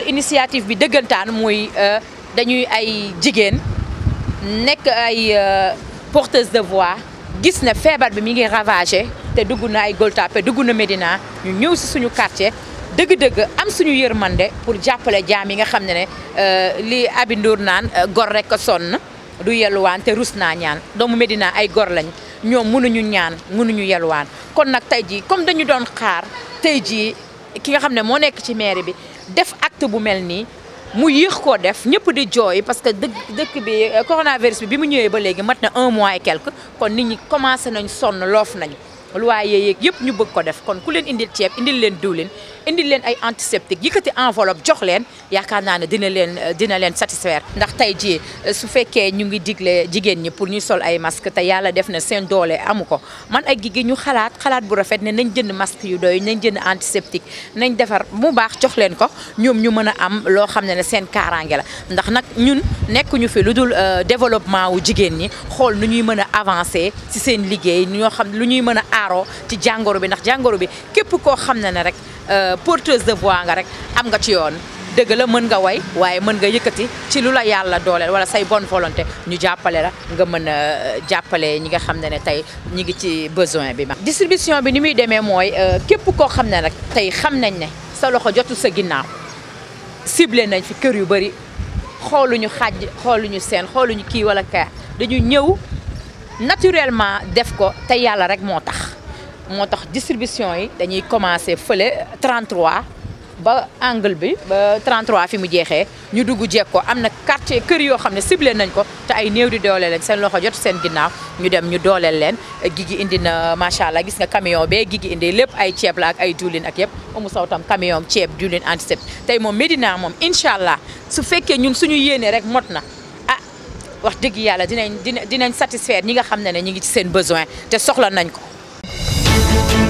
waral initiative bi dëggantaan mooy euh, dañuy ay jigéen nekk ay euh, porteuse de voix gis ne feebar bi mi ngi ravagé te dugg na ay Gueule Tapée dugg na Médina ñu ñëw si suñu quartier dëgg-dëgg am suñu man de pour jàppale jaam yi nga xam ne ne euh, li Aby Ndour naan gor rek sonn du yelwaan te rus naa ñaan doomu Médina ay gor lañ ñoom mënuñu ñaan mënuñu yelwaan kon nag tey jii comme dañu doon xaar tey jii ki nga xamne mo nek ci maire bi def acte bu melni mu yex ko def ñëpp di joy parce que dëkk dëkk bi coronavirus bi bi mu ñëwee ba légui matna 1 mois et quelques kon nit ñi commencé nañ son lof nañ loyer yeeg yëpp ñu bëgg ko def kon ku leen indil ciép indil leen diwlin indi leen ay antiseptique yëkkati enveloppe jox leen yaakaar naa ne dina leen euh, dina leen satisfaire ndax tey jii euh, su fekkee ñu ngi digle jigéen ñi pour ñu sol ay masque te yàlla def na seen doole amu ko man ay gigi ñu xalaat xalaat bu rafet ne nañ jënd masque yu doy nañ jënd antiseptique nañ defar mu baax jox leen ko ñoom ñu mën a am loo xam ne ne seen kaaraange la ndax nag ñun nekkuñu fi lu dul euh, développement wu jigéen ñi xool nu ñuy mën a avancé ci seen liggéey ñoo xam lu ñuy mën a aaroo ci jàngoro bi ndax jàngoro bi képp xam ne porteuse de voix nga rek am nga ci yoon dëgg la mën nga woy waaye mën nga yëkkati ci lu la yàlla dooleel wala say bonne volonté ñu jàppale la nga mën a euh, jàppale ñi nga xam ne ne tey ñi ngi ci besoin bi ma distribution bi ni muy demee mooy euh, képp koo xam ne nag tey xam nañ ne sa loxo jotu sa ginnaaw sible nañ fi kër yu bëri xooluñu xaaj ñu seen xooluñu kii wala kaa dañu ñëw naturellement def ko te yàlla rek moo tax la distribution a commencé à 33 ba angle bi ba 33 fi mu jexé ñu duggu jé ko amna quartier kër yo xamné ciblé nañ ko té ay di doolé lén seen loxo jot seen ñu dem ñu gigi indi na gis nga camion gigi indi lépp ay la ak ay ak yépp amu camion mom medina mom Inshallah. su féké ñun suñu yéné rek motna na. Ah, wax dëgg dinañ satisfaire ñi nga besoin té soxla nañ Thank you.